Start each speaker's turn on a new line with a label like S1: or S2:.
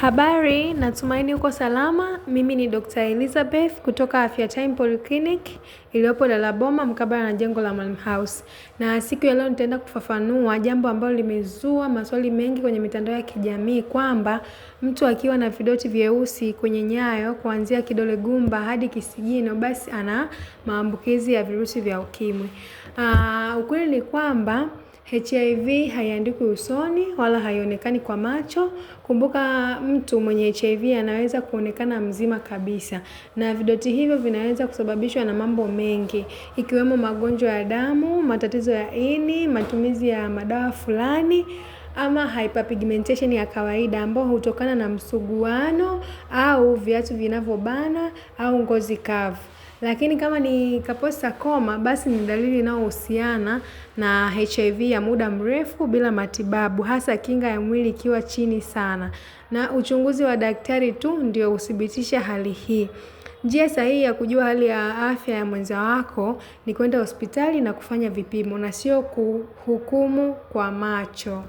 S1: Habari, natumaini uko salama. Mimi ni Dr. Elizabeth kutoka Afya Time Polyclinic iliyopo Dalaboma mkabala na jengo la Mwalimu House. Na siku ya leo nitaenda kufafanua jambo ambalo limezua maswali mengi kwenye mitandao ya kijamii kwamba mtu akiwa na vidoti vyeusi kwenye nyayo kuanzia kidole gumba hadi kisigino basi ana maambukizi ya virusi vya ukimwi. Ah, ukweli ni kwamba HIV haiandikwi usoni wala haionekani kwa macho. Kumbuka, mtu mwenye HIV anaweza kuonekana mzima kabisa, na vidoti hivyo vinaweza kusababishwa na mambo mengi, ikiwemo magonjwa ya damu, matatizo ya ini, matumizi ya madawa fulani ama hyperpigmentation ya kawaida ambayo hutokana na msuguano au viatu vinavyobana au ngozi kavu. Lakini kama ni kaposta koma, basi ni dalili inayohusiana na HIV ya muda mrefu bila matibabu, hasa kinga ya mwili ikiwa chini sana, na uchunguzi wa daktari tu ndio huthibitisha hali hii. Njia sahihi ya kujua hali ya afya ya mwenza wako ni kwenda hospitali na kufanya vipimo na sio kuhukumu kwa macho.